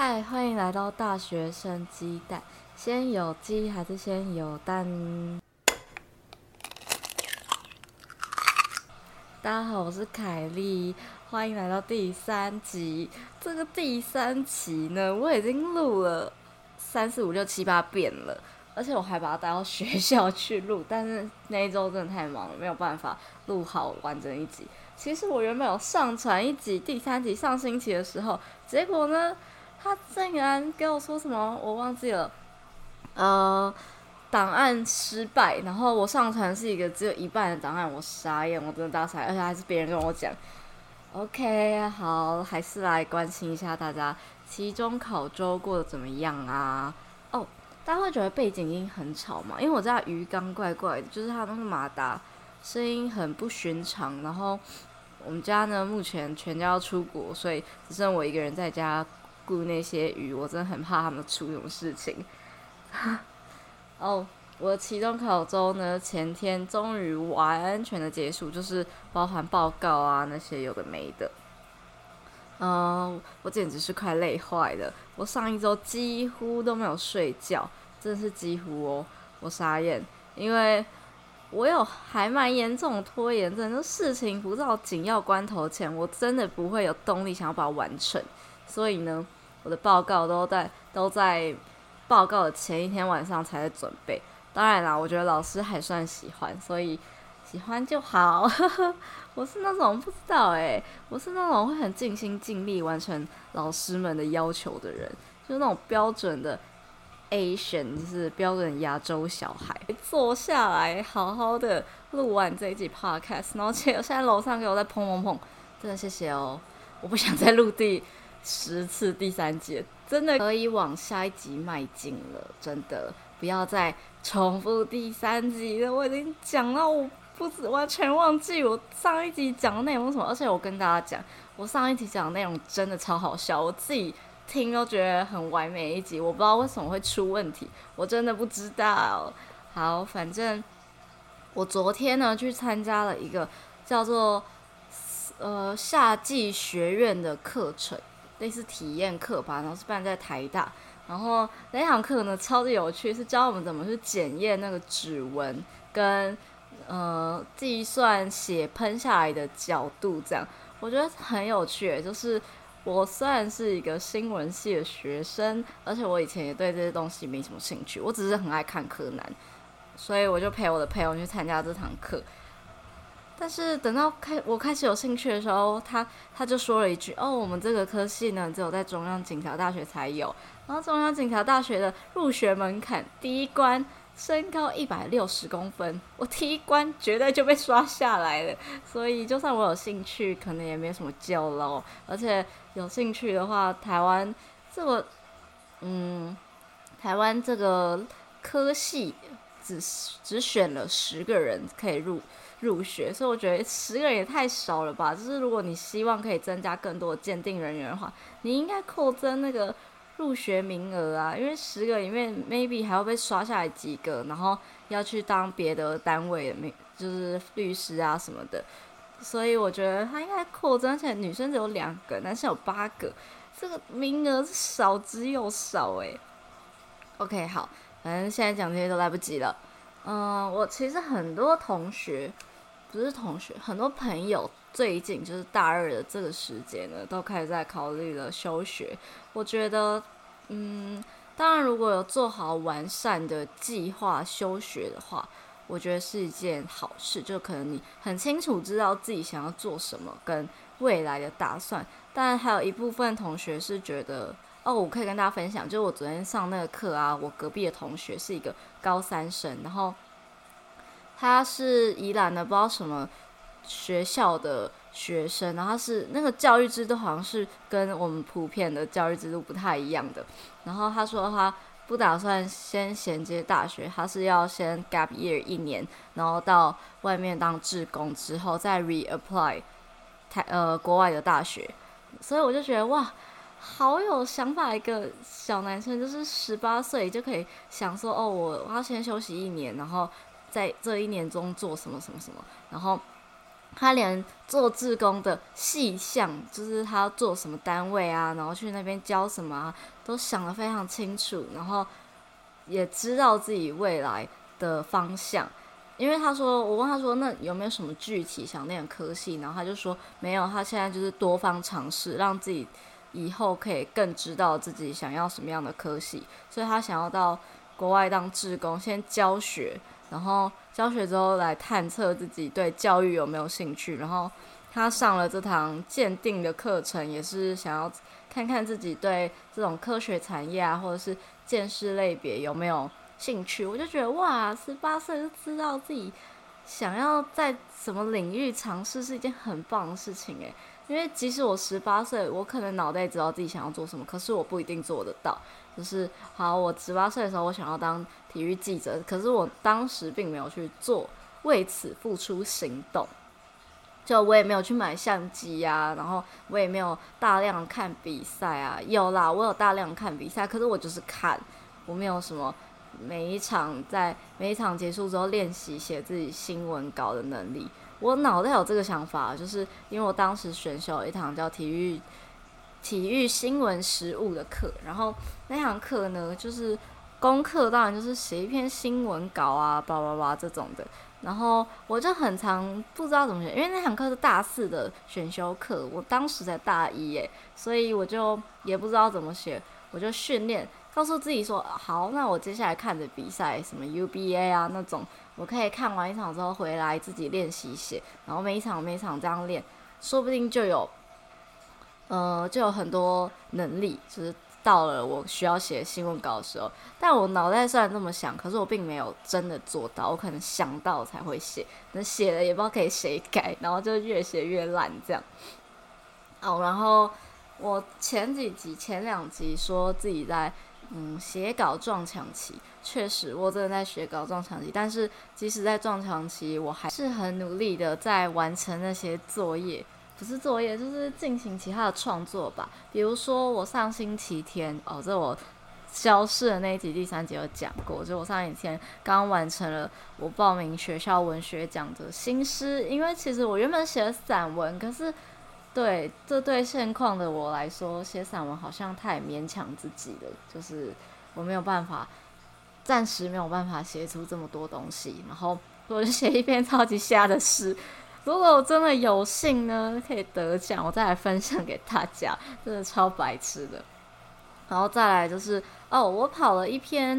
嗨，Hi, 歡迎來到大學生雞蛋。先有雞還是先有蛋？大家好，我是凱莉，歡迎來到第三集。這個第三集呢，我已經錄了三四五六七八遍了，而且我還把它帶到學校去錄，但是那一周真的太忙了，沒有辦法錄好完整一集。其實我原本有上傳一集，第三集上星期的時候，結果呢？他竟然跟我說什麼？我忘記了。呃，檔案失敗，然後我上傳是一個只有一半的檔案，我傻眼，我真的大傻眼，而且還是別人跟我講。OK，好，還是來關心一下大家，期中考周過得怎麼樣啊？哦、oh,，大家會覺得背景音很吵嗎？因為我知道魚缸怪怪的，就是它那個馬達聲音很不尋常。然後我們家呢，目前全家要出國，所以只剩我一個人在家。顧那些魚，我真的很怕他們出這種事情。哦、 oh,，我的期中考周呢，前天終於完完全全的結束，就是包含報告啊那些有的沒的。嗯、uh,，我簡直是快累壞了。我上一周幾乎都沒有睡覺，真的是幾乎哦，我傻眼，因為我有還蠻嚴重的拖延症，就事情不到緊要關頭前，我真的不會有動力想要把它完成。所以呢。我的報告都在都在報告的前一天晚上才準備。當然啦，我覺得老師還算喜歡，所以喜歡就好。 我是那種不知道誒、欸，我是那種會很盡心盡力完成老師們的要求的人，就是那種標準的 Asian，就是標準的亞洲小孩。坐下來好好的錄完這一集 podcast，然後現在樓上給我在砰砰砰，真的謝謝哦。我不想再錄地。十次第三集真的可以往下一集邁進了，真的不要再重複第三集了。我已經講到我不完全忘記我上一集講的內容什麼，而且我跟大家講，我上一集講的內容真的超好笑，我自己聽都覺得很完美一集。我不知道為什麼會出問題，我真的不知道哦。好，反正我昨天呢去參加了一個叫做呃夏季學院的課程。類似體驗課吧，然後是辦在台大，然後那一堂課呢超級有趣，是教我們怎麼去檢驗那個指紋跟呃計算血噴下來的角度，這樣我覺得很有趣，欸。就是我雖然是一個新聞系的學生，而且我以前也對這些東西沒什麼興趣，我只是很愛看柯南，所以我就陪我的朋友去參加這堂課。但是等到開我開始有興趣的時候，他他就說了一句：“哦，我們這個科系呢，只有在中央警察大學才有，然後中央警察大學的入學門檻第一關身高一百六十公分，我第一關絕對就被刷下來了。所以就算我有興趣，可能也沒有什麼救了哦。而且有興趣的話，台灣這個，嗯，台灣這個科系只只選了十個人可以入。”入學，所以我覺得十個人也太少了吧。就是如果你希望可以增加更多的鑑定人員的話，你應該擴增那個入學名額啊。因為十個裡面 maybe 還要被刷下來幾個，然後要去當別的單位的就是律師啊什麼的。所以我覺得他應該擴增。而且女生只有兩個，男生有八個，這個名額是少之又少誒、欸。OK，好，反正現在講這些都來不及了。嗯，我其實很多同學，不是同學，很多朋友，最近就是大二的這個時間呢，都開始在考慮了休學。我覺得，嗯，當然如果有做好完善的計劃休學的話，我覺得是一件好事，就可能你很清楚知道自己想要做什麼跟未來的打算。但還有一部分同學是覺得。哦，我可以跟大家分享，就是我昨天上那個課啊，我隔壁的同學是一個高三生，然後他是宜蘭的，不知道什麼學校的學生，然後他是那個教育制度好像是跟我們普遍的教育制度不太一樣的。然後他說他不打算先銜接大學，他是要先 gap year 一年，然後到外面當志工之後再 reapply 台呃國外的大學，所以我就覺得哇。好有想法一個小男生，就是十八歲就可以想說哦，我我要先休息一年，然後在這一年中做什麼什麼什麼。然後他連做志工的細項，就是他做什麼單位啊，然後去那邊教什麼啊，都想得非常清楚，然後也知道自己未來的方向。因為他說，我問他說，那有沒有什麼具體想念科系？然後他就說沒有，他現在就是多方嘗試，讓自己。以後可以更知道自己想要什麼樣的科系，所以他想要到國外當志工，先教學，然後教學之後來探測自己對教育有沒有興趣。然後他上了這堂鑑定的課程，也是想要看看自己對這種科學產業啊，或者是鑑識類別有沒有興趣。我就覺得哇，十八歲就知道自己想要在什麼領域嘗試，是一件很棒的事情誒、欸。因為即使我十八歲，我可能腦袋知道自己想要做什麼，可是我不一定做得到。就是好，我十八歲的時候，我想要當體育記者，可是我當時並沒有去做，為此付出行動。就我也沒有去買相機啊，然後我也沒有大量看比賽啊。有啦，我有大量看比賽，可是我就是看，我沒有什麼每一場在每一場結束之後練習寫自己新聞稿的能力。我腦袋有這個想法，就是因為我當時選修了一堂叫體育體育新聞實務的課，然後那堂課呢，就是功課當然就是寫一篇新聞稿啊，叭叭叭這種的。然後我就很常不知道怎麼寫，因為那堂課是大四的選修課，我當時才大一耶，所以我就也不知道怎麼寫，我就訓練。告訴自己說好，那我接下來看着比賽，什麼 UBA 啊那種，我可以看完一場之後回來自己練習寫，然後每一場每一場這樣練，說不定就有，呃，就有很多能力，就是到了我需要寫新聞稿的時候。但我腦袋雖然這麼想，可是我並沒有真的做到，我可能想到才會寫，那寫了也不知道給誰改，然後就越寫越爛這樣。哦，然後我前幾集前兩集說自己在。嗯，寫稿撞牆期，確實，我真的在寫稿撞牆期。但是即使在撞牆期，我還是很努力的在完成那些作業，不是作業，就是進行其他的創作吧。比如說我上星期天，哦，這我消失的那一集第三集有講過，就我上一天剛完成了我報名學校文學獎的新詩，因為其實我原本寫了散文，可是。對，這對現況的我來說，寫散文好像太勉強自己了。就是我沒有辦法，暫時沒有辦法寫出這麼多東西。然後我就寫一篇超級瞎的詩。如果我真的有幸呢，可以得獎，我再來分享給大家，真的超白痴的。然後再來就是哦，我跑了一篇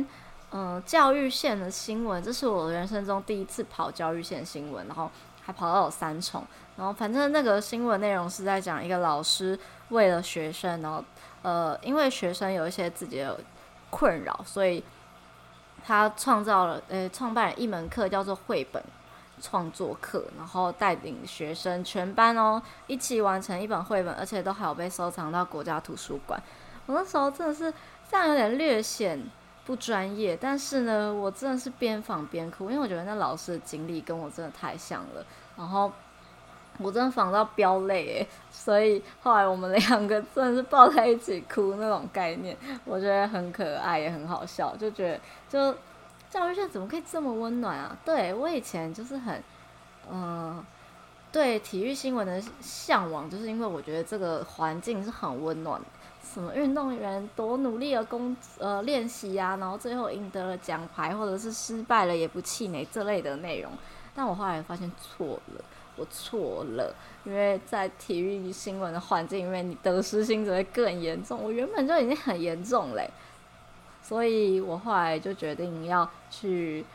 嗯、呃、教育線的新聞，這是我的人生中第一次跑教育線新聞。然後。還跑到了三重，然後反正那個新聞內容是在講一個老師為了學生，然後呃，因為學生有一些自己的困擾，所以他創造了呃，創辦了一門課叫做繪本創作課，然後帶領學生全班哦一起完成一本繪本，而且都還有被收藏到國家圖書館。我那時候真的是這樣，有點略顯。不專業，但是呢，我真的是邊訪邊哭，因為我覺得那老師的經歷跟我真的太像了，然後我真的訪到飆淚耶，所以後來我們兩個真的是抱在一起哭那種概念，我覺得很可愛也很好笑，就覺得，就教育上怎麼可以這麼溫暖啊？對，我以前就是很，嗯，對體育新聞的向往，就是因為我覺得這個環境是很溫暖的。什麼運動員多努力的工呃練習啊，然後最後贏得了獎牌，或者是失敗了也不氣餒這類的內容。但我後來發現錯了，我錯了，因為在體育新聞的環境裡面，你得失心只會更嚴重。我原本就已經很嚴重嘞，所以我後來就決定要去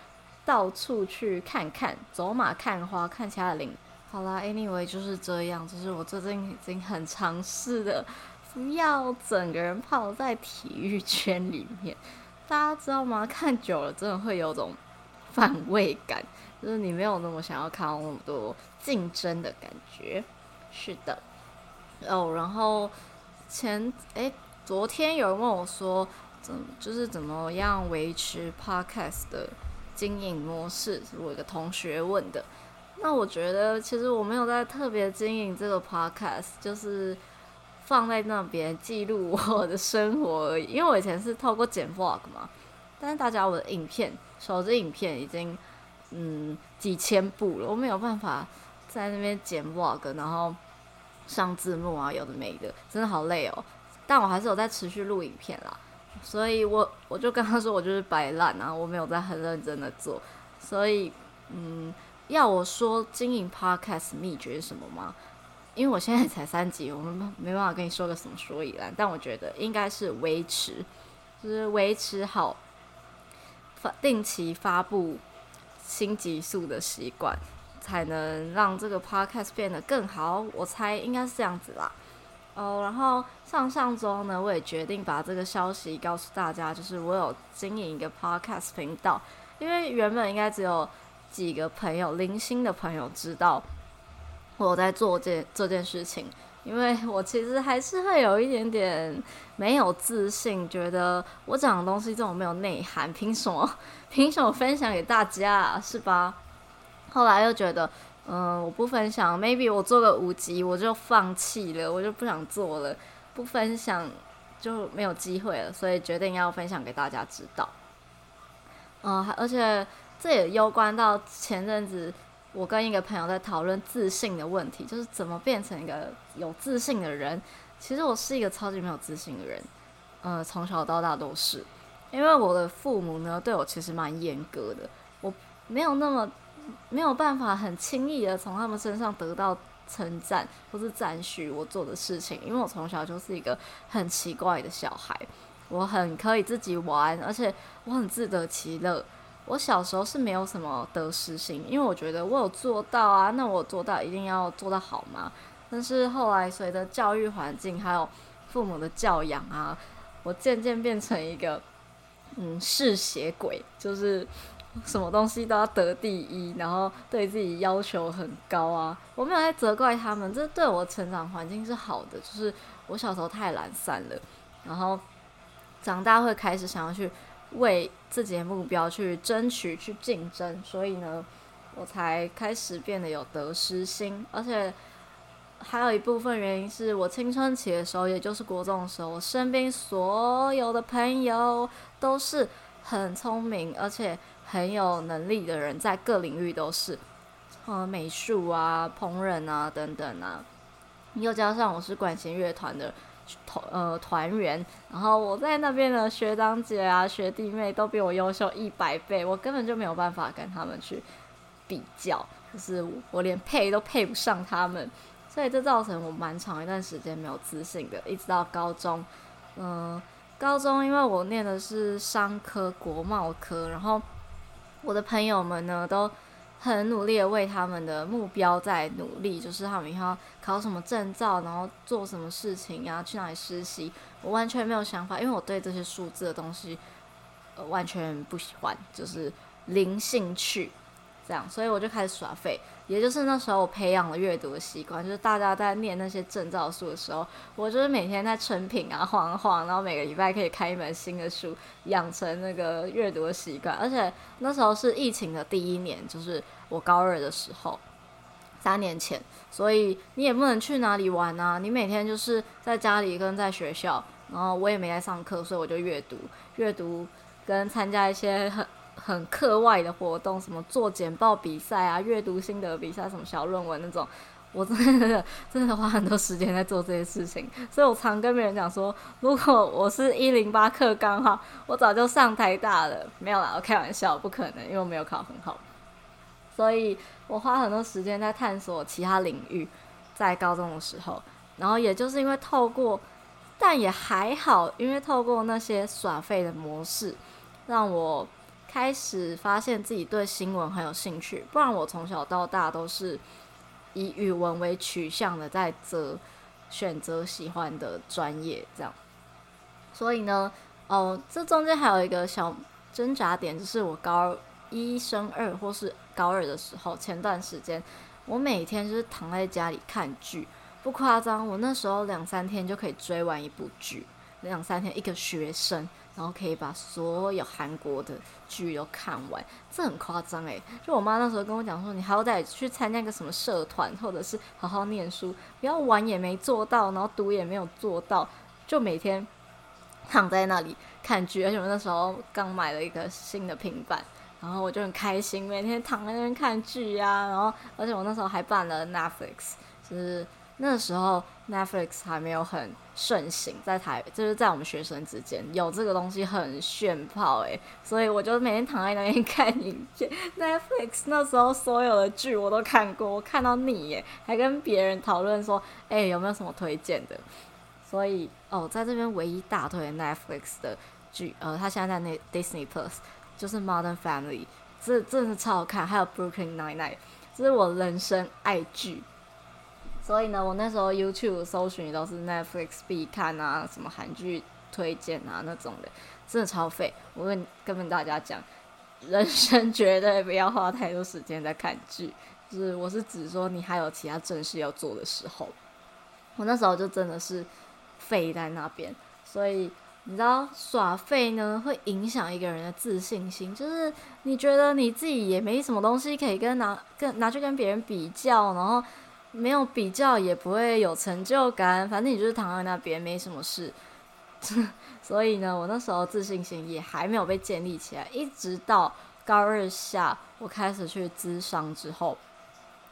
到處去看看，走馬看花看其他的林。好啦，Anyway 就是這樣，這、就是我最近已經很嘗試的。不要整個人泡在體育圈裡面，大家知道嗎？看久了真的會有種反胃感，就是你沒有那麼想要看到那麼多競爭的感覺。是的，哦，然後前誒，昨天有人問我說，怎麼就是怎麼樣維持 podcast 的經營模式？我一個同學問的。那我覺得其實我沒有在特別經營這個 podcast，就是。放在那邊記錄我的生活而已，因為我以前是透過剪 vlog 嘛，但是大家，我的影片，手機影片已經嗯幾千部了，我沒有辦法在那邊剪 vlog，然後上字幕啊，有的沒的，真的好累哦。但我還是有在持續錄影片啦，所以我我就跟他說，我就是擺爛啊，然後我沒有在很認真的做，所以嗯，要我說經營 podcast 祕訣是什麼嗎？因為我現在才三集，我們沒辦法跟你說個什麼所以然。但我覺得應該是維持，就是維持好發定期發佈新集數的習慣，才能讓這個 podcast 變得更好。我猜應該是這樣子啦。哦，然後上上週呢，我也決定把這個消息告訴大家，就是我有經營一個 podcast 頻道，因為原本應該只有幾個朋友，零星的朋友知道。我在做這這件事情，因為我其實還是會有一點點沒有自信，覺得我講的東西這麼沒有內涵，憑什麼憑什麼分享給大家、啊，是吧？後來又覺得，嗯、呃，我不分享，maybe 我做個五集，我就放棄了，我就不想做了，不分享就沒有機會了，所以決定要分享給大家知道。嗯、呃，而且這也攸關到前陣子。我跟一個朋友在討論自信的問題，就是怎麼變成一個有自信的人。其實我是一個超級沒有自信的人，呃，從小到大都是。因為我的父母呢，對我其實蠻嚴格的，我沒有那麼沒有辦法很輕易的從他們身上得到稱讚或是讚許我做的事情，因為我從小就是一個很奇怪的小孩，我很可以自己玩，而且我很自得其樂。我小時候是沒有什麼得失心，因為我覺得我有做到啊，那我做到一定要做到好嗎？但是後來隨着教育環境還有父母的教養啊，我漸漸變成一個嗯嗜血鬼，就是什麼東西都要得第一，然後對自己要求很高啊。我沒有在責怪他們，這對我成長環境是好的，就是我小時候太懶散了，然後長大會開始想要去。為自己的目標去爭取、去競爭，所以呢，我才開始變得有得失心。而且，還有一部分原因是我青春期的時候，也就是國中的時候，我身邊所有的朋友都是很聰明而且很有能力的人，在各領域都是，呃，美術啊、烹飪啊等等啊。又加上我是管弦樂團的。團呃團員，然後我在那邊的學長姐啊、學弟妹都比我優秀一百倍，我根本就沒有辦法跟他們去比較，就是我，我連配都配不上他們，所以這造成我蠻長一段時間沒有自信的，一直到高中，嗯、呃，高中因為我念的是商科、國貿科，然後我的朋友們呢都。很努力的為他們的目標在努力，就是他們要考什麼證照，然後做什麼事情呀，然後去哪裡實習，我完全沒有想法，因為我對這些數字的東西，呃，完全不喜歡，就是零興趣，這樣，所以我就開始耍廢。也就是那時候，我培養了閱讀的習慣。就是大家在念那些證照書的時候，我就是每天在誠品啊晃晃，然後每個禮拜可以開一本新的書，養成那個閱讀的習慣。而且那時候是疫情的第一年，就是我高二的時候，三年前，所以你也不能去哪裡玩啊。你每天就是在家裡跟在學校，然後我也沒在上課，所以我就閱讀、閱讀跟參加一些很很課外的活動，什麼做簡報比賽啊、閱讀心得比賽、什麼小論文那種，我真的真的花很多時間在做這些事情。所以我常跟別人講說，如果我是一零八課綱的話，我早就上台大了。沒有啦，我開玩笑，不可能，因為我沒有考很好。所以我花很多時間在探索其他領域，在高中的時候。然後也就是因為透過，但也還好，因為透過那些耍廢的模式，讓我。開始發現自己對新聞很有興趣，不然我從小到大都是以語文為取向的，在擇選擇喜歡的專業，這樣。所以呢，哦，這中間還有一個小掙扎點，就是我高一升二或是高二的時候，前段時間我每天就是躺在家裡看劇，不誇張，我那時候兩三天就可以追完一部劇，兩三天一個學生，然後可以把所有韓國的劇都看完，這很誇張誒、欸。就我媽那時候跟我講說，你好歹去參加一個什麼社團，或者是好好念書。不要玩也沒做到，然後讀也沒有做到，就每天躺在那裡看劇。而且我那時候剛買了一個新的平板，然後我就很開心，每天躺在那邊看劇啊。然後而且我那時候還辦了 Netflix，就是那時候。Netflix 還沒有很盛行，在台就是在我們學生之間有這個東西很炫炮誒、欸，所以我就每天躺在那邊看影片。Netflix 那時候所有的劇我都看過，我看到膩耶、欸，還跟別人討論說，誒、欸，有沒有什麼推薦的？所以哦，在這邊唯一大推 Netflix 的劇 Net，呃，他現在在那 Disney Plus 就是 Modern Family，這真的超好看，還有 Brooklyn Nine-Nine，這是我人生愛劇。所以呢，我那時候 YouTube 搜尋都是 Netflix 必看啊，什麼韓劇推薦啊那種的，真的超廢。我跟跟大家講，人生絕對不要花太多時間在看劇，就是我是指說你還有其他正事要做的時候。我那時候就真的是廢在那邊，所以你知道耍廢呢會影響一個人的自信心，就是你覺得你自己也沒什麼東西可以跟拿跟拿去跟別人比較，然後，沒有比較也不會有成就感，反正你就是躺在那邊沒什麼事。 所以呢，我那時候自信心也還沒有被建立起來，一直到高二下我開始去諮商之後，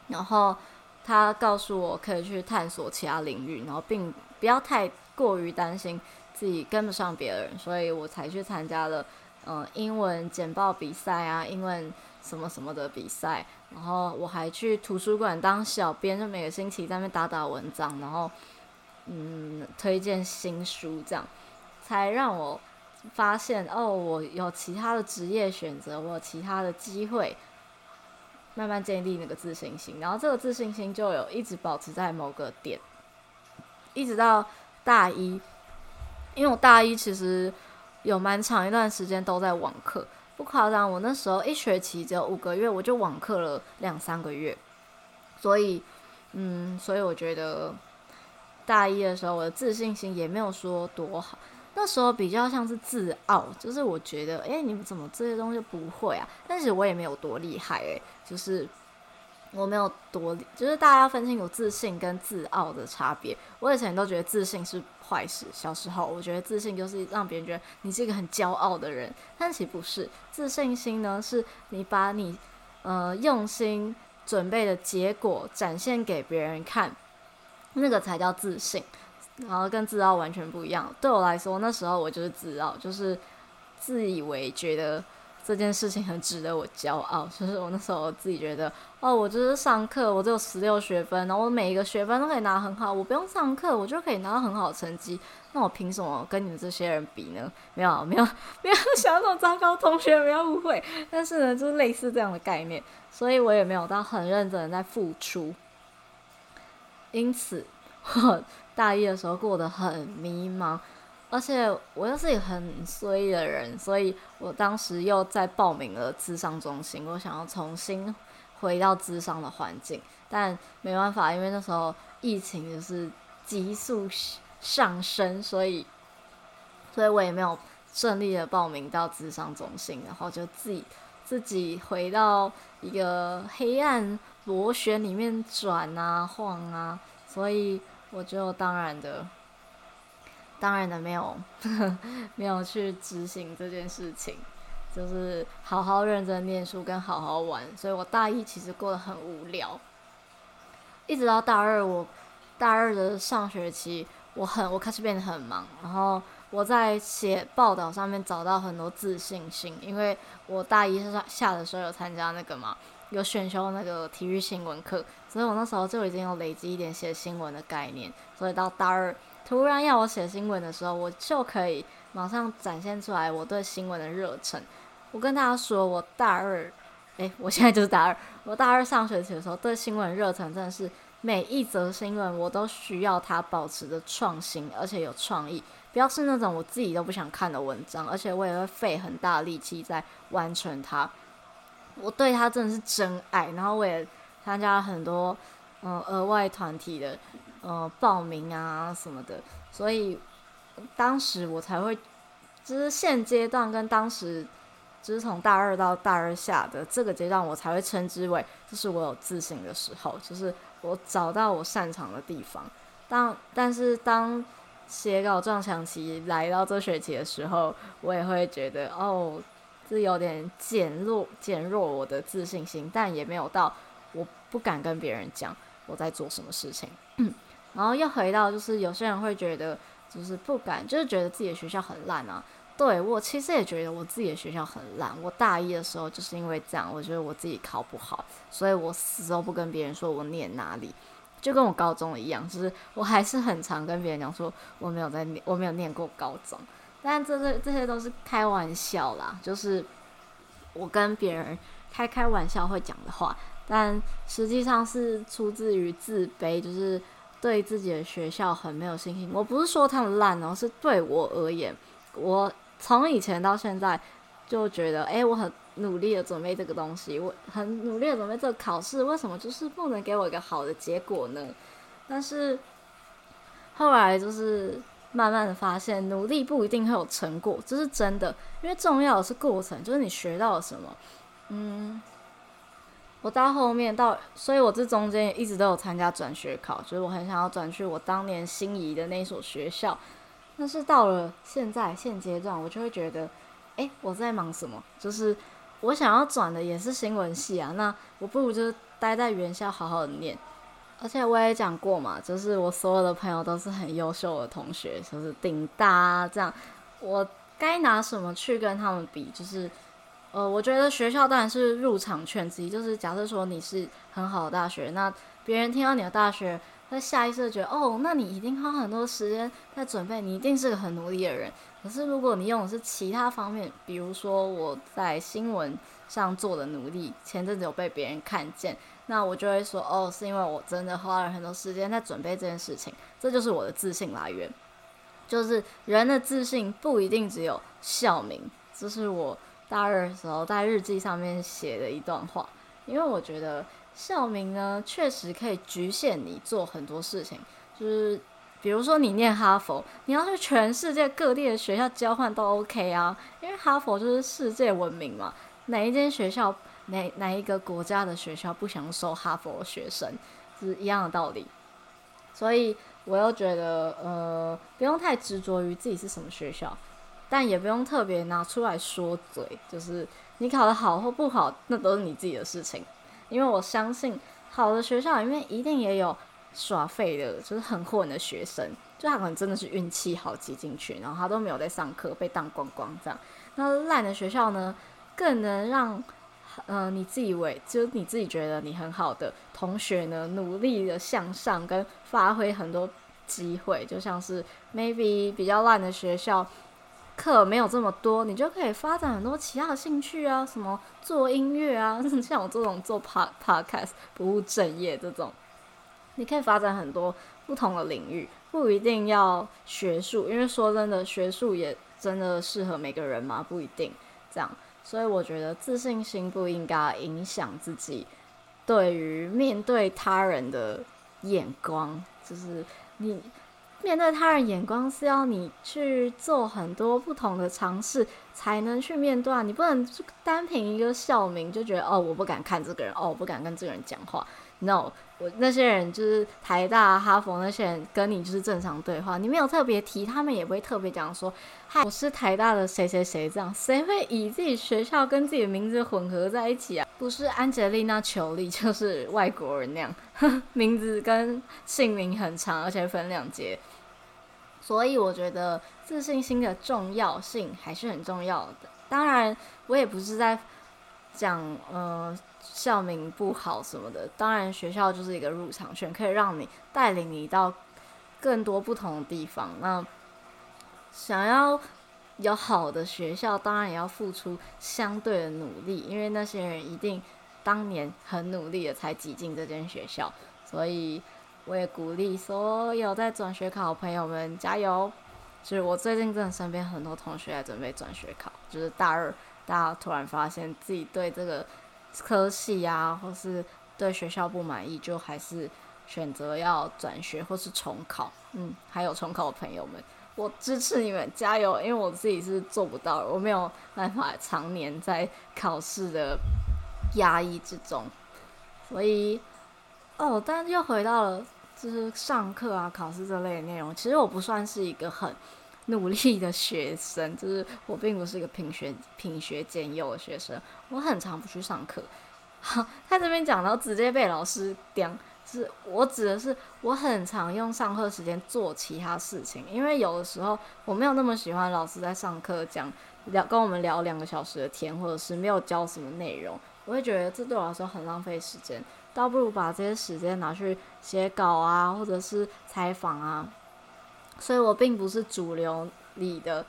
然後他告訴我可以去探索其他領域，然後並不要太過於擔心自己跟不上別人，所以我才去參加了。嗯，英文簡報比賽啊，英文什麼什麼的比賽，然後我還去圖書館當小編，就每個星期在那邊打打文章，然後嗯，推薦新書這樣，才讓我發現哦，我有其他的職業選擇，我有其他的機會，慢慢建立那個自信心，然後這個自信心就有一直保持在某個點，一直到大一，因為我大一其實。有蠻長一段時間都在網課，不誇張，我那時候一學期只有五個月，我就網課了兩三個月，所以，嗯，所以我覺得大一的時候我的自信心也沒有說多好，那時候比較像是自傲，就是我覺得，誒，你們怎麼這些東西不會啊？但是我也沒有多厲害，欸，誒，就是。我沒有多，就是大家要分清楚自信跟自傲的差別。我以前都覺得自信是壞事，小時候我覺得自信就是讓別人覺得你是一個很驕傲的人，但其實不是。自信心呢，是你把你呃用心準備的結果展現給別人看，那個才叫自信，然後跟自傲完全不一樣。對我來說，那時候我就是自傲，就是自以為覺得。這件事情很值得我驕傲，就是我那時候我自己覺得，哦，我就是上課，我只有十六學分，然後我每一個學分都可以拿很好，我不用上課，我就可以拿到很好的成績，那我憑什麼跟你們這些人比呢？沒有，沒有，不要想那種糟糕，同學，不要誤會。但是呢，就是類似這樣的概念，所以我也沒有到很認真的在付出，因此，我大一的時候過得很迷茫。而且我又是一個很衰的人，所以我當時又在報名了諮商中心，我想要重新回到諮商的環境，但沒辦法，因為那時候疫情就是急速上升，所以，所以我也沒有順利的報名到諮商中心，然後就自己自己回到一個黑暗螺旋裡面轉啊晃啊，所以我就當然的。當然了，沒有呵呵，沒有去執行這件事情，就是好好認真念書跟好好玩。所以我大一其實過得很無聊，一直到大二，我大二的上學期，我很我開始變得很忙，然後我在寫報道上面找到很多自信心，因為我大一下的時候有參加那個嘛，有選修那個體育新聞課，所以我那時候就已經有累積一點寫新聞的概念，所以到大二。突然要我寫新聞的時候，我就可以馬上展現出來我對新聞的熱忱。我跟大家說，我大二，誒、欸，我現在就是大二。我大二上學期的時候，對新聞熱忱真的是每一則新聞我都需要它保持着創新，而且有創意，不要是那種我自己都不想看的文章。而且我也會費很大力氣在完成它，我對它真的是真愛。然後我也參加了很多嗯額外團體的。呃，報名啊什麼的，所以當時我才會，就是現階段跟當時，就是從大二到大二下的這個階段，我才會稱之為，就是我有自信的時候，就是我找到我擅長的地方。當但,但是當寫稿撞牆期來到這學期的時候，我也會覺得哦，這有點減弱減弱我的自信心，但也沒有到我不敢跟別人講我在做什麼事情。然後又回到，就是有些人會覺得，就是不敢，就是覺得自己的學校很爛啊。對，我其實也覺得我自己的學校很爛。我大一的時候就是因為這樣，我覺得我自己考不好，所以我死都不跟別人說我念哪裡，就跟我高中一樣，就是我還是很常跟別人講說我沒有在念，我沒有念過高中。但這些這些都是開玩笑啦，就是我跟別人開開玩笑會講的話，但實際上是出自於自卑，就是，對自己的學校很沒有信心，我不是說他們爛哦，是對我而言，我從以前到現在就覺得，誒，我很努力的準備這個東西，我很努力的準備這個考試，為什麼就是不能給我一個好的結果呢？但是後來就是慢慢的發現，努力不一定會有成果，這是真的，因為重要的是過程，就是你學到了什麼，嗯。我到後面到，所以我這中間也一直都有參加轉學考，所以我很想要轉去我當年心儀的那所學校。但是到了現在現階段，我就會覺得，欸，我在忙什麼？就是我想要轉的也是新聞系啊，那我不如就是待在原校好好的念。而且我也講過嘛，就是我所有的朋友都是很優秀的同學，就是頂大啊這樣，我該拿什麼去跟他們比？就是。呃，我覺得學校當然是入場券之一。就是假設說你是很好的大學，那別人聽到你的大學，他下意識覺得哦，那你一定花很多時間在準備，你一定是個很努力的人。可是如果你用的是其他方面，比如說我在新聞上做的努力，前陣子有被別人看見，那我就會說哦，是因為我真的花了很多時間在準備這件事情，這就是我的自信來源。就是人的自信不一定只有校名，這，就是我。大二的時候，在日記上面寫了一段話，因為我覺得校名呢確實可以局限你做很多事情，就是比如說你念哈佛，你要去全世界各地的學校交換都 OK 啊，因為哈佛就是世界聞名嘛，哪一間學校哪哪一個國家的學校不想收哈佛的學生？是一樣的道理，所以我又覺得呃，不用太執着於自己是什麼學校。但也不用特別拿出來說嘴，就是你考得好或不好，那都是你自己的事情。因為我相信，好的學校裡面一定也有耍廢的，就是很混的學生，就他可能真的是運氣好擠進去，然後他都沒有在上課，被當光光這樣。那爛的學校呢，更能讓嗯、呃、你自己以為，就是你自己覺得你很好的同學呢，努力的向上跟發揮很多機會，就像是 maybe 比較爛的學校。課沒有這麼多，你就可以發展很多其他的興趣啊，什麼做音樂啊，像我這種做 pa Podcast 不務正業這種，你可以發展很多不同的領域，不一定要學術，因為說真的，學術也真的適合每個人嘛，不一定這樣，所以我覺得自信心不應該影響自己對於面對他人的眼光，就是你。面對他人眼光是要你去做很多不同的嘗試，才能去面對啊！你不能單憑一個校名就覺得哦，我不敢看這個人，哦，我不敢跟這個人講話。No，我那些人就是台大、哈佛那些人，跟你就是正常對話，你沒有特別提，他們也不會特別講說，嗨，我是台大的誰誰誰這樣，誰會以自己學校跟自己的名字混合在一起啊？不是安吉麗娜·裘麗，就是外國人那樣， 名字跟姓名很長，而且分兩節。所以我覺得自信心的重要性還是很重要的。當然，我也不是在講嗯、呃、校名不好什麼的。當然，學校就是一個入場券，可以讓你帶領你到更多不同的地方。那想要有好的學校，當然也要付出相對的努力，因為那些人一定當年很努力的才擠進這間學校，所以。我也鼓勵所有在轉學考的朋友們加油。所以我最近真的身邊很多同學在準備轉學考，就是大二大家突然發現自己對這個科系呀、啊，或是對學校不滿意，就還是選擇要轉學或是重考。嗯，還有重考的朋友們，我支持你們加油，因為我自己是做不到，我沒有辦法常年在考試的壓抑之中，所以。哦，但又回到了就是上課啊、考試這類的內容。其實我不算是一個很努力的學生，就是我並不是一個品學品學兼優的學生。我很常不去上課。好，他這邊講到直接被老師講，就是我指的是我很常用上課時間做其他事情，因為有的時候我沒有那麼喜歡老師在上課講聊跟我們聊兩個小時的天，或者是沒有教什麼內容，我會覺得這對我來說很浪費時間。倒不如把這些時間拿去寫稿啊，或者是採訪啊。所以我並不是主流裡的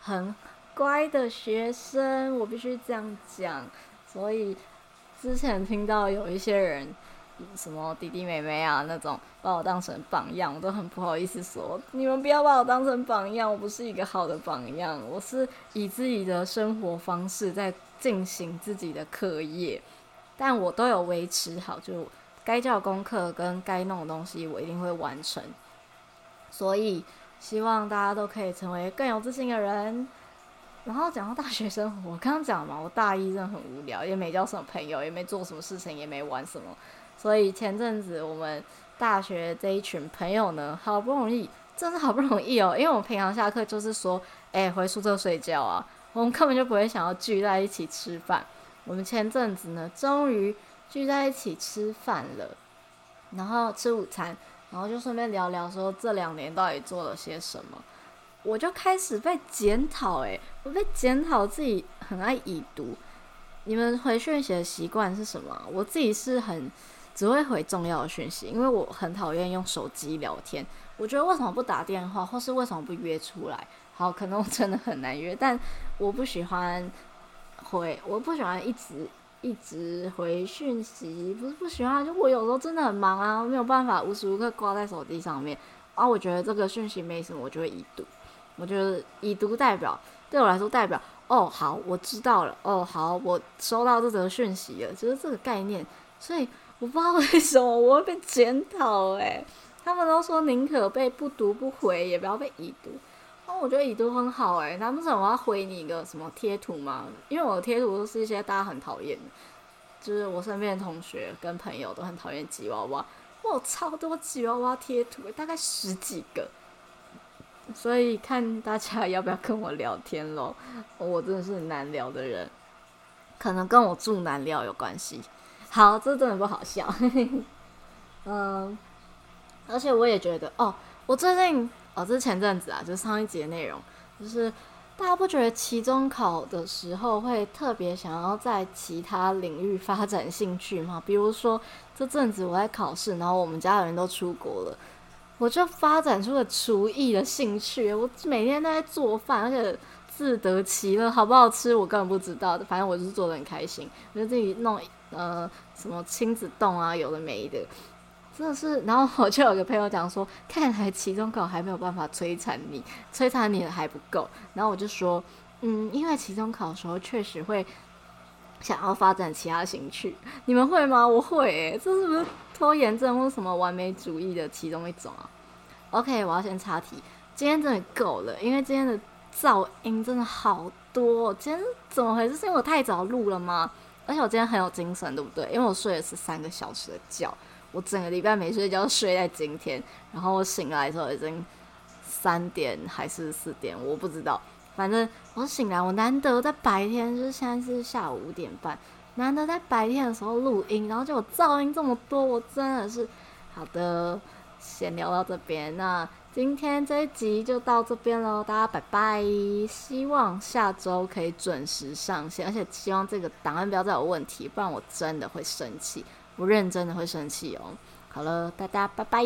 很乖的學生，我必須這樣講。所以之前聽到有一些人，什麼弟弟妹妹啊那種把我當成榜樣，我都很不好意思說，你們不要把我當成榜樣，我不是一個好的榜樣，我是以自己的生活方式在進行自己的課業。但我都有維持好，就該交功課跟該弄的東西，我一定會完成。所以希望大家都可以成為更有自信的人。然後講到大學生活，我剛剛講嘛，我大一真的很無聊，也沒交什麼朋友，也沒做什麼事情，也沒玩什麼。所以前陣子我們大學這一群朋友呢，好不容易，真的好不容易哦，因為我們平常下課就是說，哎、欸，回宿舍睡覺啊，我們根本就不會想要聚在一起吃飯。我們前陣子呢，終於聚在一起吃飯了，然後吃午餐，然後就順便聊聊說這兩年到底做了些什麼。我就開始被檢討，欸，誒，我被檢討自己很愛已讀。你們回訊息的習慣是什麼？我自己是很只會回重要的訊息，因為我很討厭用手機聊天。我覺得為什麼不打電話，或是為什麼不約出來？好，可能我真的很難約，但我不喜歡。回，我不喜歡一直一直回訊息，不是不喜歡，就我有時候真的很忙啊，沒有辦法無時無刻掛在手機上面啊。我覺得這個訊息沒什麼，我就會已讀，我覺得已讀代表對我來說代表哦好，我知道了哦好，我收到這則訊息了，就是這個概念。所以我不知道為什麼我會被檢討，誒，他們都說寧可被不讀不回，也不要被已讀。我覺得已讀很好誒、欸，難不成我要回你一個什麼貼圖嗎？因為我的貼圖都是一些大家很討厭的，就是我身邊的同學跟朋友都很討厭吉娃娃，我超多吉娃娃貼圖，欸，大概十幾個，所以看大家要不要跟我聊天咯？哦、我真的是難聊的人，可能跟我住南寮有關係。好，這真的不好笑。嗯、 呃，而且我也覺得哦，我最近。哦，這是前陣子啊，就是上一集的內容，就是大家不覺得期中考的時候會特別想要在其他領域發展興趣嗎？比如說這陣子我在考試，然後我們家的人都出國了，我就發展出了廚藝的興趣，我每天都在做飯，而且自得其樂，好不好吃我根本不知道，反正我就是做得很開心，我就自己弄呃什麼親子丼啊，有的沒的。真的是，然後我就有個朋友講說，看來期中考還沒有辦法摧殘你，摧殘你的還不夠。然後我就說，嗯，因為期中考的時候確實會想要發展其他興趣，你們會嗎？我會、欸，這是不是拖延症或什麼完美主義的其中一種啊？OK，我要先插題，今天真的夠了，因為今天的噪音真的好多，哦。今天怎麼回事？是因為我太早錄了嗎？而且我今天很有精神，對不對？因為我睡了十三個小時的覺。我整個禮拜沒睡覺，睡在今天，然後我醒來的時候已經三點還是四點，我不知道，反正我醒來，我難得我在白天，就是現在是下午五點半，難得在白天的時候錄音，然後就有噪音這麼多，我真的是好的，先聊到這邊，那今天這一集就到這邊嘍，大家拜拜，希望下周可以準時上線，而且希望這個檔案不要再有問題，不然我真的會生氣。不認真的會生氣哦。好了，大家拜拜。